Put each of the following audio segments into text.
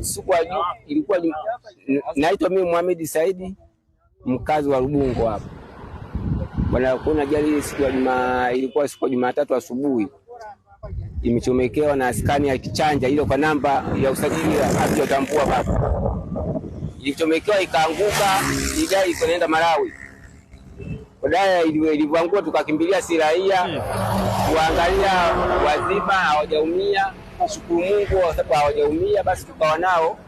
siku ya juma ilikuwa naitwa mimi Muhamedi Saidi mkazi wa Rubungo hapa bwana. Kuna ajali siku ya juma, ilikuwa siku ya Jumatatu asubuhi, imechomekewa na askani ya kichanja ile kwa namba ya usajili hatujatambua baba, ilichomekewa ikaanguka, idai ikaenda Malawi baadaye ilivyoanguka tukakimbilia si raia kuangalia wazima hawajaumia nashukuru Mungu kwa hawajaumia, basi tukawa nao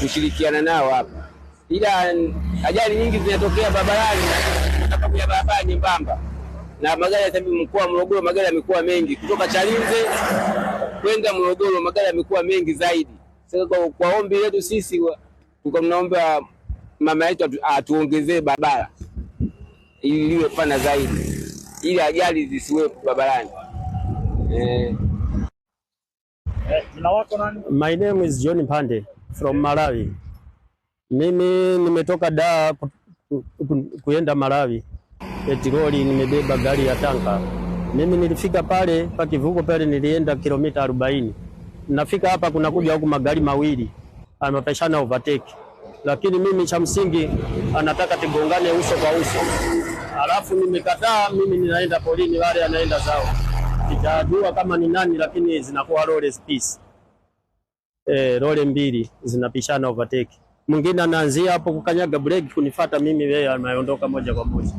kushirikiana nao hapa, ila ajali nyingi zinatokea barabarani sababu ya barabara nyembamba na magari. Mkoa wa Morogoro magari yamekuwa mengi kutoka Chalinze kwenda Morogoro, magari yamekuwa mengi zaidi. Sasa kwa, kwa ombi letu sisi tunaomba mama yetu atuongezee barabara ili liwe pana zaidi, ili ajali zisiwepo barabarani eh. Eh, My name is John Mpande from Malawi. Mimi nimetoka da kuenda Malawi. Petroli nimebeba gari ya tanka. Mimi nilifika pale pa kivuko pale nilienda kilomita 40. Nafika hapa kuna kuja huku magari mawili amepeshana overtake. Lakini mimi cha msingi anataka tigongane uso kwa uso. Alafu nimekataa mimi ninaenda polini wale anaenda zao. Sitajua kama ni nani, lakini zinakuwa role space. Eh, role mbili zinapishana overtake. Mwingine anaanzia hapo kukanyaga break kunifuata mimi, yeye anaondoka moja kwa moja.